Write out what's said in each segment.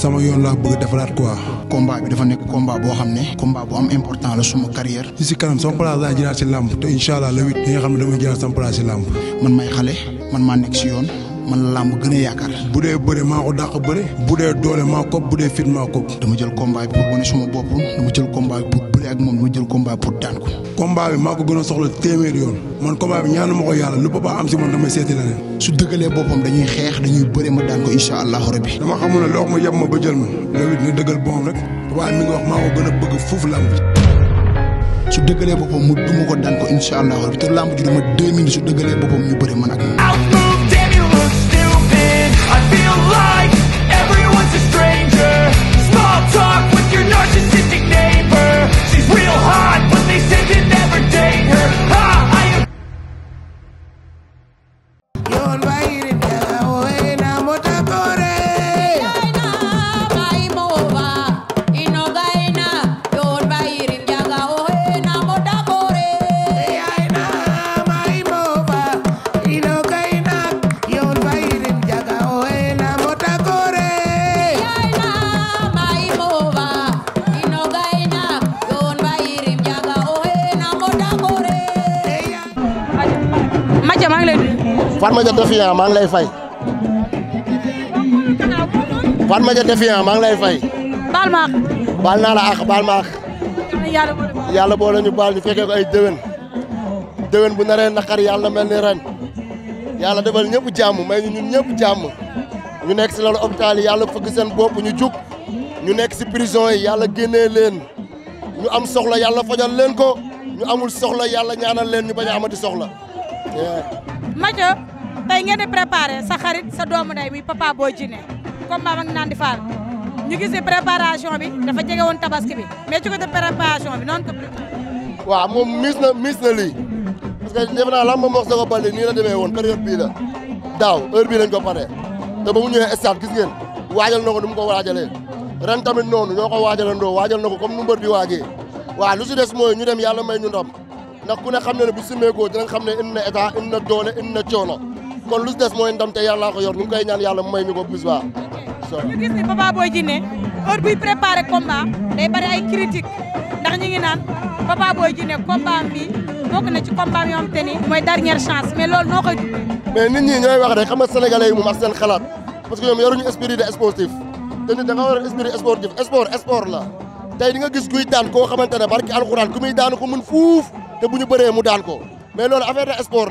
sama yoon laa bëgg defaraat quoi. combat bi dafa nekk combat boo xam ne. combat bu am important la suma carrière. si si kanam sama place laa jëlaat si làmb te incha allah le huit. nga xam ne damay jëlaat sama place si làmb. man may xale man maa nekk si yoon. man la làmb gën a yaakaar bu dee bëre maa ko dàq bëre bu dee doole maa ko bu dee fit maa ko dama jël combat bi pour wane bopp dama jël combat bi pour moom dama jël combat pour daan ko combat bi maa ko gën a soxla téeméer yoon man combat bi ñaanu ma ko yàlla lu papa am si man damay seeti leneen su dëggalee boppam dañuy xeex dañuy bëre ma daan ko incha allahu rabbi dama xamul ne loo yem ma ba jël ma loolu dina dëggal boom rek papa mi ngi wax maa ko gën a su dëggalee boppam mu duma ko daan ko incha allah te lamb ji dama deux minutes su dëggalee boppam ñu bëri man ak Fatma Dia Defiant maa ngi lay fay. Fatma Dia Defiant maa ngi lay fay. baal ma àq. baal naa la àq baal ma àq. yàlla boole ñu baal ñu fekkee ko ay déwén. déwén bu naree naqar yàlla mel ni ren. yàlla defal ñëpp jàmm may ñu ñun ñëpp jàmm. ñu nekk si loolu hôpital yi yàlla fëgg seen bopp ñu jug. ñu nekk si prison yi yàlla génnee leen. ñu am soxla yàlla fajal leen ko. ñu amul soxla yàlla ñaanal leen ñu bañ a amati soxla. Mathia tey ngeen di préparé sa xarit sa doomu ndey muy Papa Boy Djiné combat ak Nandi Fall ñu gis ne bi dafa jege woon tabaski bi mais ci côté préparation bi noonu ko préparé. waaw moom mis na mis na lii parce que defe naa lamb moom Sokh Balde nii la demee woon période bii la daaw heure bii lañ ko paree te ba mu ñëwee stade gis ngeen waajal na ko ni mu ko waajalee ren tamit noonu ñoo ko waajalandoo waajal na ko comme nu bi di waajee waaw lu si des mooy ñu dem yàlla may ñu ndam ndax xam ne ne bu simmeekoo dinañ xam ne indi na état na doole indi kon lu des mooy ndam te yàlla ko yor ñu ngi koy ñaan yàlla ko bis ba. ñu gis ni Papa Boy Djiné heure buy préparé combat day bari ay critique ndax ñu ngi naan Papa Boy Djiné combat bi bokk na ci combat yoo te ni mooy dernière chance mais loolu noo koy. mais nit ñi ñooy wax rek xam nga sénégalais yi moom ak seen xalaat parce que ñoom yoruñu esprit de sportif te nit da nga war a esprit sportif sport sport la di nga gis kuy xamante ne barki alxuraan ku muy ko mën fuuf te ñu bëree mu daan ko mais loolu affaire de sport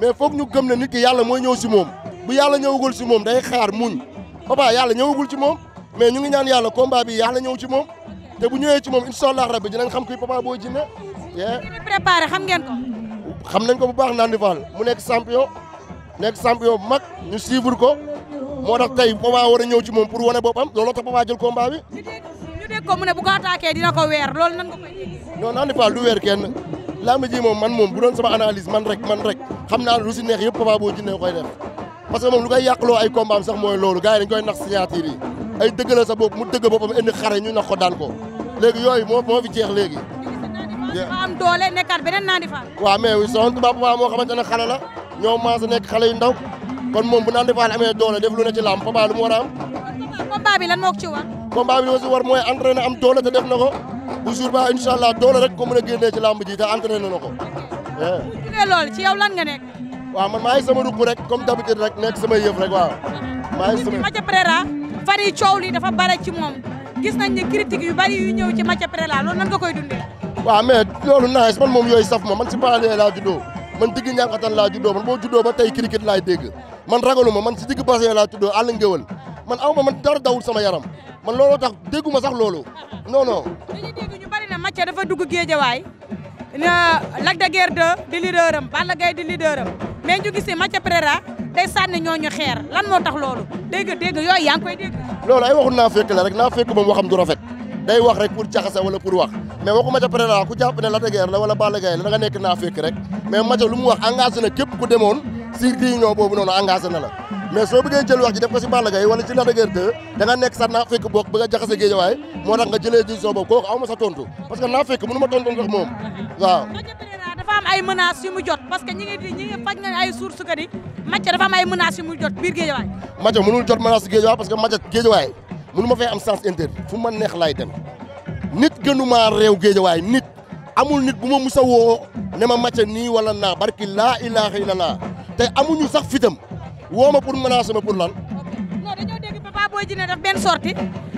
mais foog ñu gëm ne nit ki yàlla mooy ñëw si moom bu yàlla ñëwagul si moom day xaar muñ Papa yàlla ñëwagul ci moom mais ñu ngi ñaan yàlla combat bi yàlla ñëw ci moom te bu ñëwee ci moom incha allah rabbi dinañ xam kuy Papa Boy Djiné. yee préparé xam ngeen ko. xam nañ ko bu baax Nandi Fall mu nekk champion nekk champion bu mag ñu suivre ko moo tax tey Papa war a ñëw ci moom pour wane boppam looloo tax Papa jël combat bi. ñu dégg ko mu ne bu ko attaqué dina ko weer loolu nan nga koy non Nandi Fall du weer kenn. lamb ji moom man moom bu doon sama analyse man rek man rek xam naa lu si neex yëpp Papa Boy Djiné koy def parce que moom lu koy yàqloo ay combat am sax mooy loolu gars yi dañ koy nax signature yi ay dëgg la sa bopp mu dëgg boppam indi xare ñu nax ko daan ko léegi yooyu moo moo fi jeex léegi am doole nekkaat beneen naa di faal waaw mais soxna tubaab papa moo xamante ne xale la ñoom maa sa nekk xale ndaw kon moom bu naan di faal amee doole def lu ne ci lamb papa lu mu a am combat bi moo ko ci war combat bi li def na ko bu jour ba incha allah doole rek ko mën a génnee ci làmb ji te entraîné na ko. bu ñu loolu ci yow lan nga nekk. waaw man maa ngi sama ruq rek comme d'habitude rek nekk sama yëf rek waaw. maa ngi sama Mathia Preira far yi coow li dafa bare ci moom gis nañ ne critique yu bari yu ñëw ci Mathia Preira loolu nan nga koy dundee. waaw mais loolu nice man moom yooyu saf ma man si banlieue laa juddoo man digg ñànkatan laa juddoo man boo juddoo ba tey cricket laay dégg man ragaluma man si digg bassin laa juddoo àll ngéwël man aw ma man dara dawul sama yaram man looloo tax dégguma sax loolu non non. dañuy dégg ñu bari na Mathia dafa dugg géejawaay na Lac de Guiers 2 di leader am Balla Gaye di leader am mais ñu gisee Mathia Pereira day sànni ñooñu xeer lan moo tax loolu dégg dégg yooyu yaa ngi dégg. loolu ay waxu naa fekk la rek naa fekk moom waxam du rafet day wax rek pour jaxase wala pour wax mais waxu Mathia Pereira ku jàpp ne Lac de la wala Balla Gaye la da nga nekk naa fekk rek mais Mathia lu mu wax engagé na képp ku demoon si réunion engagé na la. mais soo bëggee jël wax ji def ko si Balla Gaye wala ci Lac de Guiers 2 da nga nekk sax naa fekk bokk bëgg a jaxase géejawaay moo tax nga jëlee décision boobu kooku aw ma sa tontu parce que naa fekk mënu ma tontu moom waaw dafa am ay menaces yu mu jot parce que ñi ngi ñi ngi faj nga ay source que ni Mathia dafa am ay menaces yu mu jot biir géejawaay Mathia mënul jot menace géejawaay parce que Mathia géejawaay mënu ma fay am sens interdit fu ma neex laay dem nit gënumaa réew géejawaay nit amul nit bu ma musa woo ne ma Mathia nii wala naa barki laa ilaaha illallah te amuñu sax fitam woo ma pour menacer ma pour lan. non dañoo dégg Papa Boy Djiné def benn sortie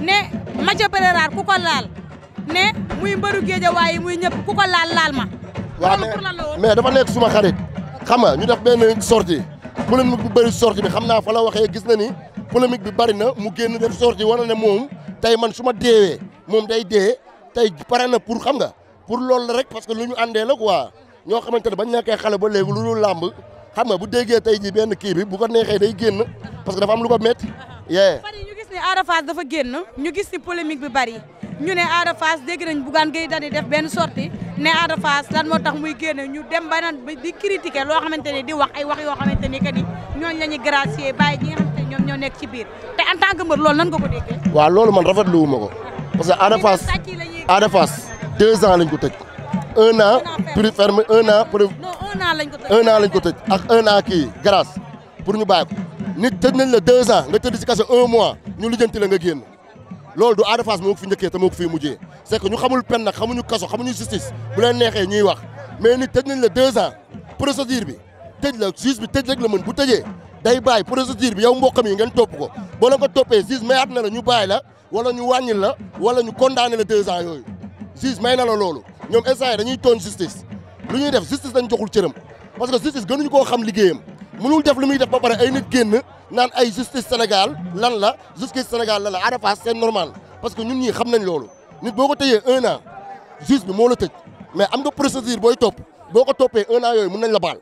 ne Mathieu Pereira ku ko laal ne muy mbëru Guédiawaye muy ñëpp ku ko laal laal ma. waaw mais dafa nekk suma xarit xam nga ñu def benn sortie polémique bu bëri sortie bi xam naa fa la waxee gis na ni polémique bi bëri na mu génn def sortie wala na moom tey man su ma deewee moom day dee tey pare na pour xam nga pour loolu la rek parce que lu ñu àndee la quoi ñoo xamante ne bañ nekkee xale ba léegi lu dul làmb xam nga bu déggee tey ji benn kii bi bu ko neexee day parce que dafa am lu ko métti. ñu gis ne Ada Fass dafa génn ñu gis ni polémique bi bari ñu ne Ada Fass dégg nañ Bougane Gueye Dany def benn sortie ne Ada Fass lan moo tax muy génn ñu dem ba naan di critiquer loo xamante ne di wax ay wax yoo xamante ni que ni ñooñu la ñuy gracier bàyyi ñoom ñoo nekk ci biir te en tant que mbër loolu nan nga ko déggee. waaw loolu man rafetlu wu ko parce que Ada Fass Ada Fass deux ans lañ un an lañ ko tëj ak un an kii pour ñu bàyyi ko nit tëj nañ la deux ans nga tëdd si kaso un mois ñu lijjanti la nga génn loolu du Ada moo ko fi njëkkee te moo ko fi mujjee c'est ñu xamul pen nag xamuñu kaso xamuñu justice bu leen neexee ñuy wax mais nit tëj nañ la deux ans procédure bi tëj la juge bi tëj rek la mën bu tëjee day bàyyi procédure bi yow mboqam yi ngeen topp ko boo la ko toppee juge mayaat na la ñu bàyyi la wala ñu wàññil la wala ñu condamné la deux ans yooyu juge may na la loolu ñoom instant dañuy toon justice lu ñuy def justice dañ joxul cëram parce que justice gënuñu koo xam liggéeyam mënul def lu muy def ba pare ay nit génn naan ay justice Sénégal lan la justice Sénégal lan la Ada Fass c'est normal parce que ñun ñii xam nañ loolu nit boo ko tëyee un an juge bi moo la tëj mais am nga procédure booy topp boo ko toppee un an yooyu mën nañ la baal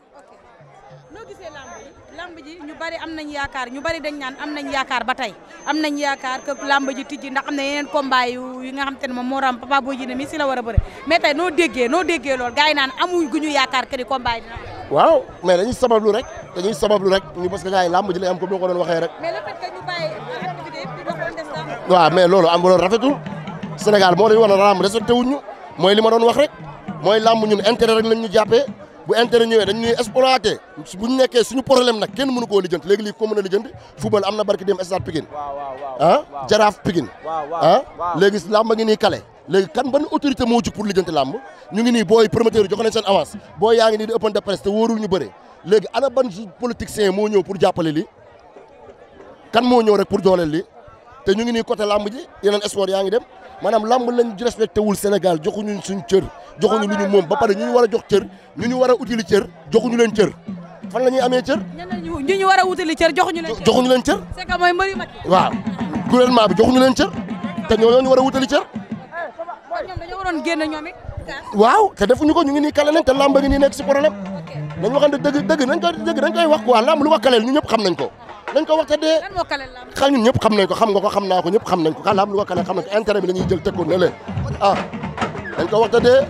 bari am nañ yaakaar ñu bari dañ naan am nañ yaakaar ba tey am nañ yaakaar que làmb ji tijji ndax am na yeneen combat yu yi nga xam te ne moom moo ram papa boo jine mi si la war a bëri mais tey noo déggee noo déggee lool gars yi naan amuñ gu ñu yaakaar que ni combat yi dina waaw mais dañuy sabablu rek dañuy sabablu rek ñu parce que gars yi làmb ji lay am comme ni ko doon waxee rek mais le fait que ñu bàyyi activité yëpp di doxoon des waaw mais loolu am loolu rafetul Sénégal moo dañu war a làmb respecté wuñu mooy li ma doon wax rek mooy làmb ñun intérêt rek lañ ñu jàppee bu intérêt ñëwee dañ ñuy exploité bu ñu nekkee suñu problème nag kenn mënu koo lijjanti léegi lii ko mën a lijjanti football am na barki dem stade Pikine ah jaraaf Pikine ah léegi làmb ngi nii kale léegi kan ban autorité moo jug pour lijjanti làmb ñu ngi nii booy promoteur jox nañ seen avance booy yaa ngi nii di ëppan de presse te wóorul ñu bëre léegi ana ban politicien moo ñëw pour jàppale li kan moo ñëw rek pour dooleel li te ñu ngi nii côté lamb ji yeneen sport yaa ngi dem maanaam lamb lañ respecté wul Sénégal joxuñu suñ cër joxuñu lu ñu moom ba pare ñu ñu war a jox cër ñu ñu war a utili cër joxuñu leen cër fan la ñuy amee cër. ñu ñu war a utili cër joxuñu leen cër joxuñu leen cër. c'est que mooy mbëri mag. waaw gouvernement bi joxuñu leen cër te ñoo ñu war a utili cër. kon ñoom dañoo waroon génn ñoom it. waaw te defuñu ko ñu ngi nii kale nañ te lamb ngi nii nekk si problème. dañ waxante dëgg dëgg nañ koy dëgg dañ wax quoi lamb lu wax ñu ñëpp xam nañ ko nañ ko waxta dee xam ñun ñëpp xam nañ ko xam nga ko xam naa ko ñëpp xam nañ ko kàllaam lu ko kaleel xam nañ ko intérêt bi la ñuy jël teg ko ne le ah nañ ko waxta dee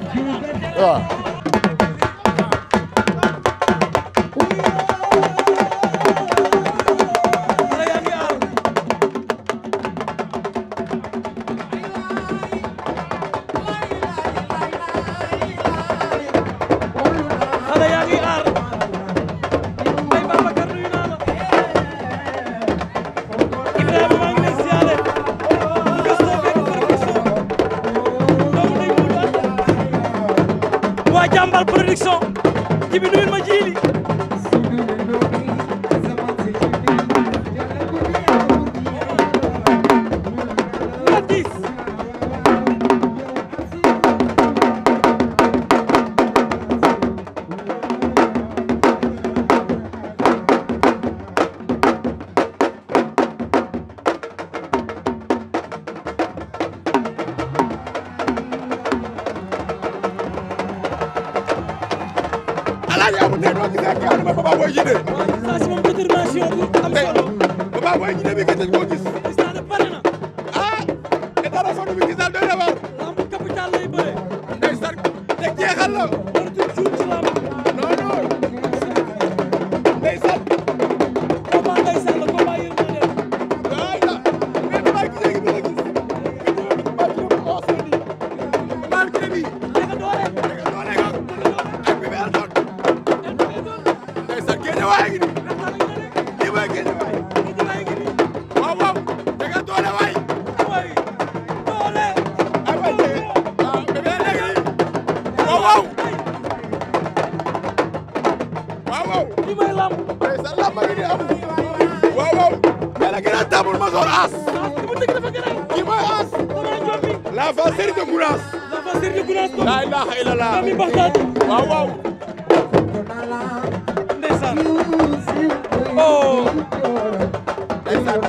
waaw Fall production Djiby nuyul ma jiili waaye ñu demee gerte gi moo gis. gis naa ne pare na. ah état de fond bi gis naa doy na waar. lamb capital lay bëree. ndeysaan te jeexal la. Gounass. la facette de Gounass toog. laa ilaaha illallah Sami Baxtaan. waaw waaw. ndeysaan. oh. ndeysaan.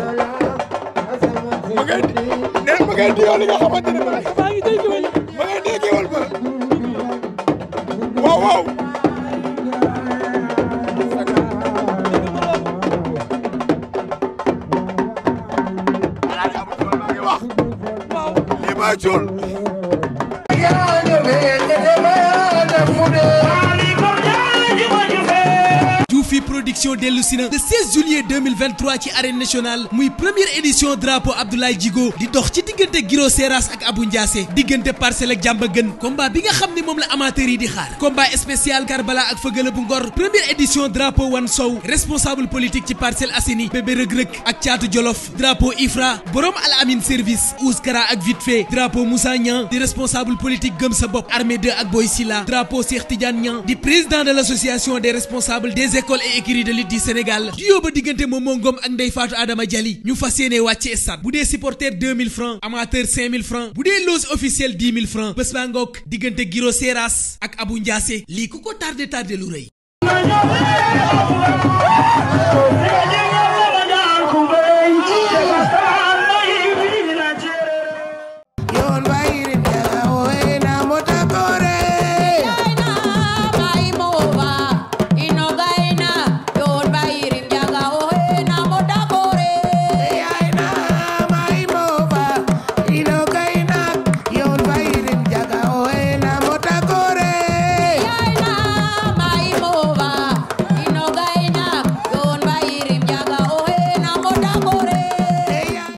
ma ngay ne ma ngay di yow li nga xamante ne ma. maa ngi dégg wala. ma ngay dégg wala ba. waaw waaw. Jool production dellu si na le 16 juillet 2023 ci arène nationale muy première édition drapeau Abdoulaye Djigo di dox ci diggante Giro Seras ak Abou Ndiassé diggante parcelle ak jàmba gën combat bi nga xam ne moom la amateur yi di xaar combat spécial Karbala ak Fëgala bu Ngor première édition drapeau Wan Sow responsable politique ci Parcelles Assainies bébé rëg-rëg ak caatu Jolof drapeau Ifra borom Al Amin service Ouskara ak vite fait drapeau Moussa di responsable politique gëm sa bopp de l' association des responsables écurie de Sénégal di yóbba diggante Momo ak Ndeye Fatou Adama Diali ñu fas yéene wàcce stade bu dee supporter 2000 francs amateur 5000 francs bu dee loge officielle 10 000 francs diggante Giro Seras ak Abou Ndiassé lii ku ko tardé tardé lu rëy